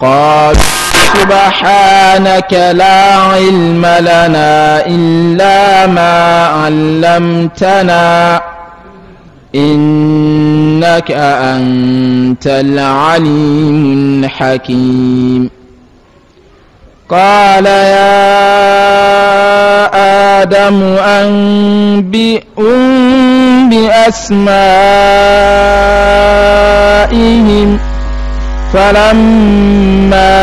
قال سبحانك لا علم لنا إلا ما علمتنا إنك أنت العليم الحكيم قال يا آدم أنبئهم بأسمائهم فلما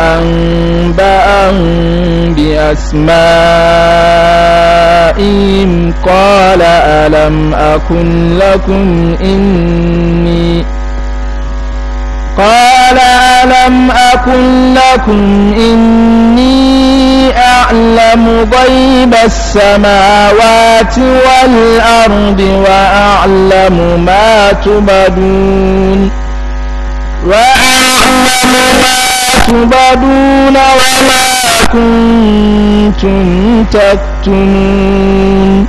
أنبأهم بأسمائهم قال ألم أكن لكم إني قال ألم أكن لكم إني أعلم غيب السماوات والأرض وأعلم ما تبدون وأعلم ما تبدون وما كنتم تكتمون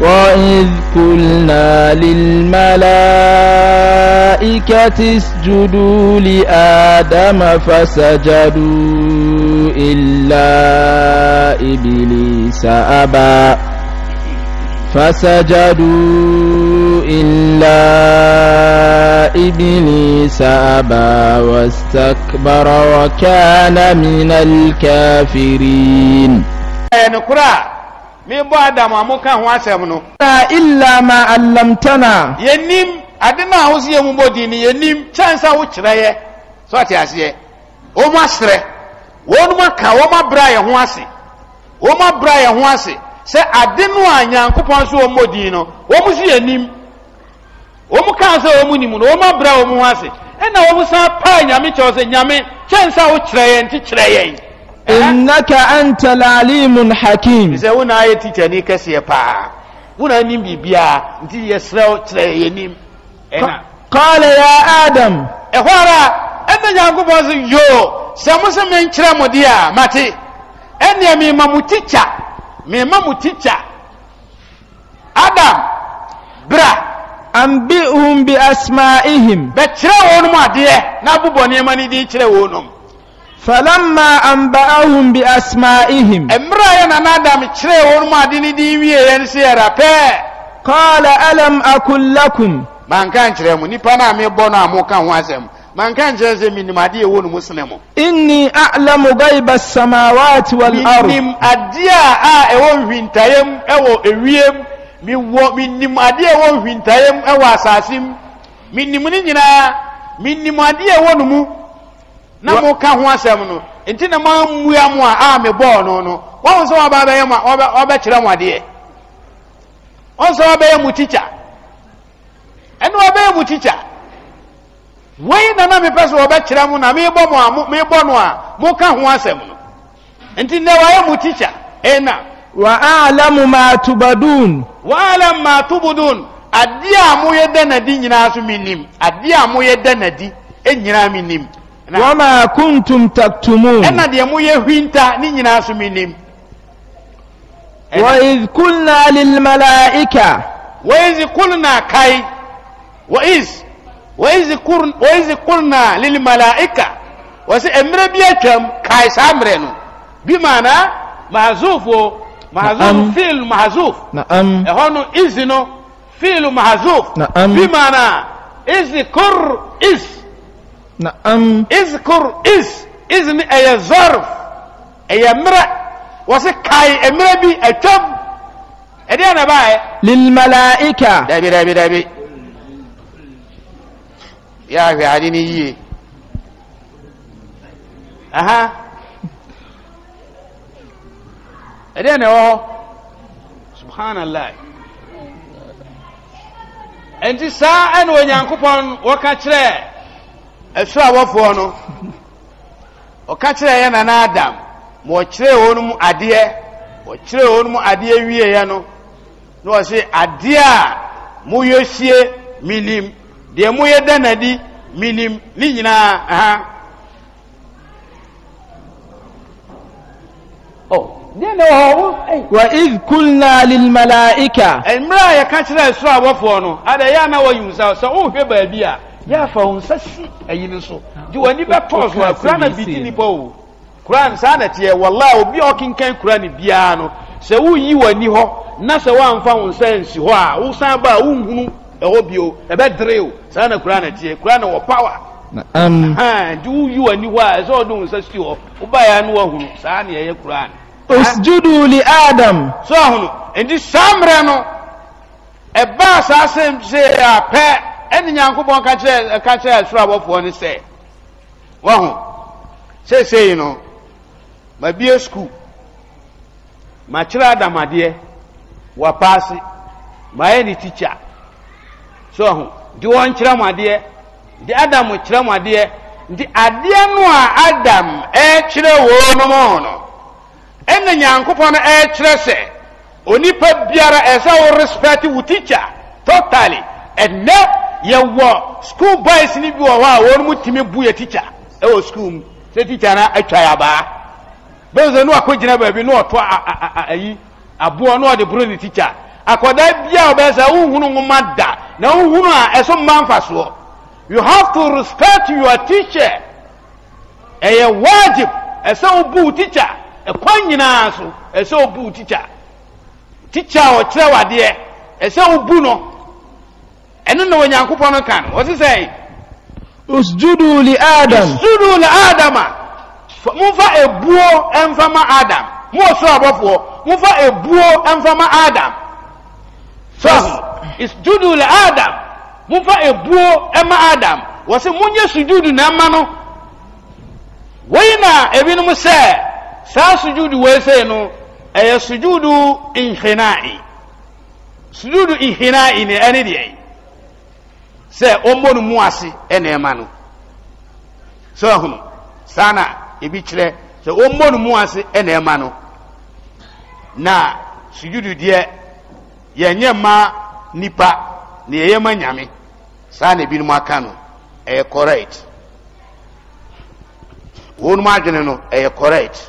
وإذ قلنا للملائكة اسجدوا لآدم فسجدوا إلا إبليس أبى فسجدوا إلا إبليس أبى واستكبر وكان من الكافرين min bɔ adamu amu kan ho asɛm no. na illa ma alamtana. yɛnim ade na ahosuo yɛ mu bɔ din ni yɛnim kyɛnse aho kyerɛ yɛ so ɔte aseɛ wɔn aserɛ wɔn mu aka wɔn abira yɛn ho ase wɔn abira yɛn ho ase sɛ ade no a nyankopɔn so wɔn bɔ din no wɔn nso yɛnim wɔn kaa sɛ wɔn nim no wɔn abra wɔn ho ase ɛna wɔn san paa nyame kyɛw sɛ nyame kyɛn sɛ wokyerɛ yɛn nti kyerɛ yɛn. Eh? innaka anta lalimun hakim. sɛ wo na ayɛ tikya ni kɛseɛ paa wo na nim biribiara nti yɛsrɛ kyerɛ yɛn nim. kɔɔle ya adam. ɛhɔ ara ɛna nyankopɔn sɛ yoo sɛ mo sɛ menkyerɛ mo deɛ a mate ɛnneɛ mema mo tikya mema mo tikya adam bra ambihum bi asma'ihim bɛkyerɛ wɔn mu adeɛ na abobɔ nneɛma no de kyerɛ wɔn nom falamma amba'ahum bi asma'ihim mmerɛ yɛ nana adam kyerɛ wɔn mu ade no de wie yɛn sɛ yɛra pɛɛ qala alam akul lakum manka mu nipa no a mebɔ no a moka ho asɛm manka nkyerɛ sɛ menim adeɛ ɛwɔ no mu sene mu inni a'lamu ghaiba samawati wal ard menim adeɛ a ɛwɔ hwintaeɛm ɛwɔ ewiem mi menim adeɛ ɛwɔ mu ɛwɔ asase m menim ne nyinaa menim adeɛ ɛwɔ no mu na moka ho asɛm no nti na mammua mo a a mebɔɔ no no wɔho sɛ wɔba bɛyɛ mo a wɔbɛkyerɛ mo adeɛ ɔn sɛ wɔbɛyɛ mo tikya ɛne tikya na na mepɛ na a no a ka ho asɛm no nti tikya wa alamu ma tubadun wa alamu ma tubudun adi a mo yɛ dɛ na di nyinaa so mi nim adi a mo yɛ dɛ na di e nyinaa mi nim. wama kuntum taktumun. ɛna deɛ mo yɛ hwinta ne nyinaa so mi nim. wa iz kulna lil malaika. wa iz kulna kai wa iz wa iz kur wa iz kulna lil malaika wɔ sɛ mmerɛ bi atwam kae saa no bi maana maazofo محذوف فيل محذوف نعم هون إذن فيل محذوف نعم بمعنى اذكر إذ نعم اذكر إذ إذن أي ظرف أي امرأ وسكاي امرأ بي اتم أدي أنا باي للملائكة دابي دابي دابي يا في عديني يي أها ɛdeɛ na ɛwɔ hɔ subhanallah ɛnti saa ɛna onyankopɔn wɔka kyerɛɛ ɛsoro awɔfoɔ no ɔka kyerɛɛ yɛ nana adam ma ɔkyerɛɛ wɔn mu adeɛ ɔkyerɛɛ wɔn mu adeɛ wieɛ no na ɔse adeɛ a moyɛ sie minim deɛ moyɛ danadi minim ne nyinaa Oh. wa iz kulna lil malaika mmerɛ oh, a yɛka kyerɛ ɛsoro awɔfoɔ no ada yɛ ana wɔyi nsa sɛ wohwɛ baabi a yɛafa wo nsa si ayi no so gye w'ani bɛtɔɔ so a kura oh. na bidi nnipa o kura nsaa na teɛ wallahi obi a ɔkenkan kura ne biara no sɛ woyi w'ani hɔ na sɛ woamfa wo nsa ansi hɔ a wosan ba a wonhunu ɛhɔ bio ɛbɛdere o saa na kura na teɛ kura na wɔ power nti woyi w'ani hɔ a ɛsɛ ɔde wo nsa si hɔ wobaeɛ no wahunu saa ne ɛyɛ kura no usjudu li adam so ahono enti samre no ɛbaa saa asɛm sɛ apɛ ɛne nyankopɔn ka kyerɛ ka kyerɛ soro abɔfoɔ no sɛ wɔho seesei no mabie skul makyerɛ adamadeɛ wapaase mayɛ ne tikya so ho nti wɔn kyerɛ mo adeɛ nti adam kyerɛ mo adeɛ nti adeɛ no a adam ɛkyerɛ wɔn no mu no ɛna nyankopɔn ɛrekyerɛ sɛ onipa biara ɛsɛ wo respect wo teacher totally ɛnɛ yɛwɔ school boys ni bi wɔ hɔ a wɔn mu tumi bu yɛ teacher ɛwɔ school mu sɛ teacher na atwa yɛ abaa bɛn sɛ no akɔ gyina baabi na ɔtɔ ayi aboɔ na ɔde boro ne teacher akwadaa bi a ɔbɛn sɛ wohunu nwoma da na wohunu a ɛso mma nfa soɔ you have to respect your teacher ɛyɛ wajib ɛsɛ wo bu teacher ɛkwan nyinaa so ɛsɛ obu tikya tikya a ɔkyerɛ wadeɛ ɛsɛ obu no ɛno na onyankopɔn no ka no ɔse sɛ usjudu li adam usjudu li adam a momfa ebuo ɛmfa ma adam mo ɔsoro abɔfoɔ momfa ebuo ɛmfa ma adam so isjudu li adam momfa ebuo ɛma adam wɔ se monyɛ sujudu na ɛma no wɔyi na ebinom sɛ saa sujuudu weesei no ɛyɛ sujuudu inhinaa'i sujuudu inhinaa'i ne ɛne deɛ sɛ ɔmmɔ no mu ase ɛna ɛma no sɛ ɔhono saa na ebi kyerɛ sɛ ɔmmɔ no mu ase ɛna ɛma no na sujuudu deɛ yɛnyɛ mma nipa na yɛyɛ ma nyame saa na ebinom aka no ɛyɛ correct wɔn mu adwene no ɛyɛ correct.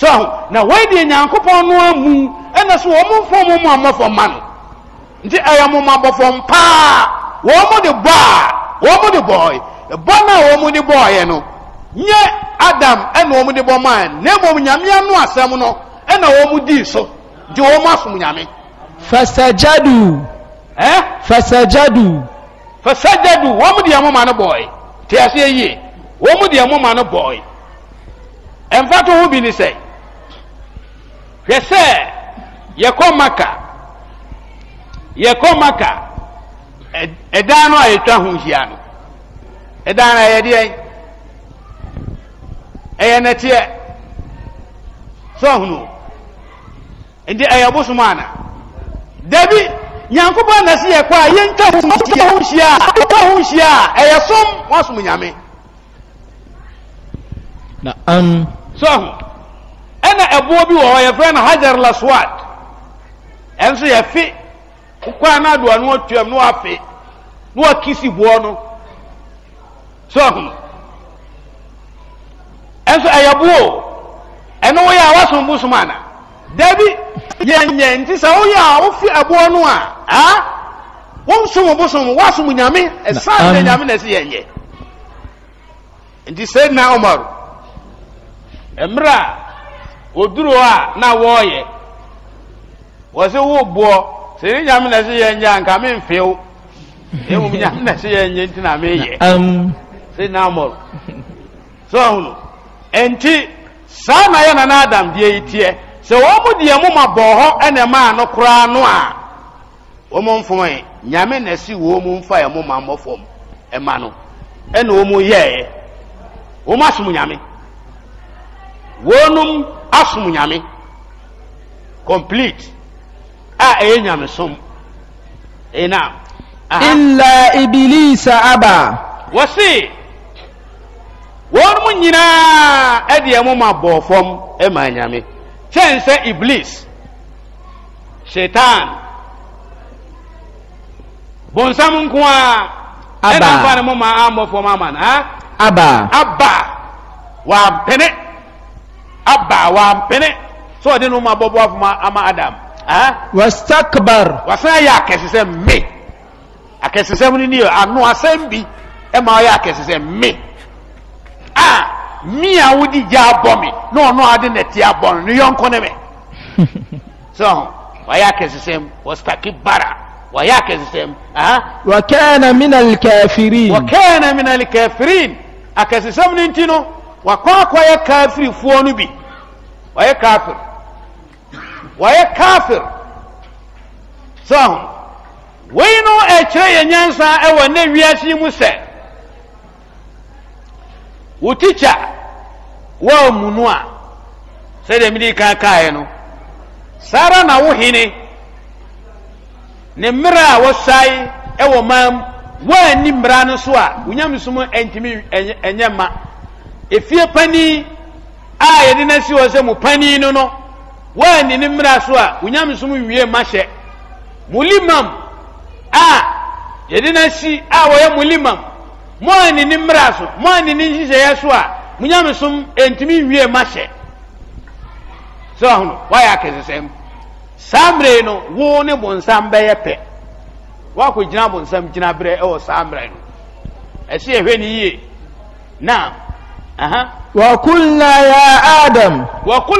so na wei deɛ nyankopɔn no amu ɛna so wɔn mfo mu mu amɔfo ma no nti ɛyɛ mo ma bɔfo mpaa wɔn mo de bɔ a wɔn mo de bɔɔe bɔ no a wɔn mo de bɔɔeɛ no nye adam ɛna wɔn mo de bɔ ne na mmom nyame ano asɛm no ɛna wɔn mo dii so nti wɔn mo asom nyame. fasajadu. ɛɛ eh? fasajadu. fasajadu wɔn mo deɛ mo ma no bɔɔe te aseɛ yie wɔn mo deɛ mo ma no bɔɔe ɛnfa to ho bi ni sɛ hwɛ sɛ yɛkɔ maka yɛkɔ maka ɛdan no a yɛtwa ho hyia no ɛdan no a yɛdeɛ ɛyɛ nɛteɛ sɛ ɔhono nti ɛyɛ bosom ana dabi nyankopɔn na se yɛkɔ a yɛntwa ho hyia a ho hyia a ɛyɛ som woasom nyame na an sɛ ɔho ɛna ɛboɔ bi wɔ hɔ yɛfrɛ no hajar laswad ɛnso yɛfe kwan no adoa no atuam na wafe na wakisi boɔ no so ɛnso hmm. ɛyɛ boɔ ɛno woyɛ a wasom bosom ana dabi yɛnyɛ nti sɛ woyɛ a wofi ɛboɔ no a a wonsom bosom woasom nyame ɛsan nyame na ɛsɛ yɛnyɛ nti sɛ na omar mmerɛ a oduru hɔ a na wɔɔyɛ wɔ wo boɔ sɛ nyame na se yɛ nyɛ anka memfew mmom nyame na se yɛ nyɛ nti na meyɛ se namɔl so ahunu nti saa na yɛ na adam deɛ yi sɛ wɔn deɛ ma hɔ ɛna koraa a wɔn yi nyame na si wɔn yɛ um. ma mbɔ e, ɛma no ɛna wɔn yɛɛ wɔn asom nyame wɔn asom nyame complete a ɛyɛ e nyamesom ɛna illa ibilisa aba wɔse wɔn mu nyinaa e ɛdeɛ mo ma bɔɔ fam ɛma e nyame kyɛn sɛ iblis shaitan bonsam nko a ɛna mfa ne mo ma ambɔ fam ama no ha aba aba wɔampene aba wa mpene so ɔde no ma bɔbɔ afoma ama adam wastakbar wasan yɛ akɛsesɛ me akɛsesɛm e no ni ano asɛm bi ɛma ɔyɛ akɛsesɛ me a me a wodi gya abɔ me na ɔno ade nɛte abɔ no ne yɔnko ne me so wɔyɛ akɛsesɛm wastakbara wɔyɛ akɛsesɛm wakana min alkafirin wakana min alkafirin akɛsesɛm no nti no wakɔ akɔyɛ kafirifoɔ no bi waye kafir waye kafir so wei no ɛkyerɛ yɛ nyansa ɛwɔ ne wiase yi mu sɛ wo tikya woa mu no a sɛdeɛ mede kan kaeɛ no saa ara na wo hene ne mmerɛ a wɔsae ɛwɔ man woanni mmara no so a wonyamesom ɛntimi a yɛde no asi hɔ sɛ mo pani no no woanni ne mmara so a wonyamesom wie ma hyɛ mulimam a yɛde no asi a wɔyɛ mulimam moanni ne mmara so moanni ne nhyehyɛeɛ so a monyamesom ɛntumi wie ma hyɛ sɛ ahono woayɛ akɛsesɛm saa mmerɛ no wo ne bonsam bɛyɛ pɛ woakɔgyina bonsam gyinaberɛ ɛwɔ saa mmerɛ no ɛsɛ yɛhwɛ ne yie na أها وقلنا يا آدم وقل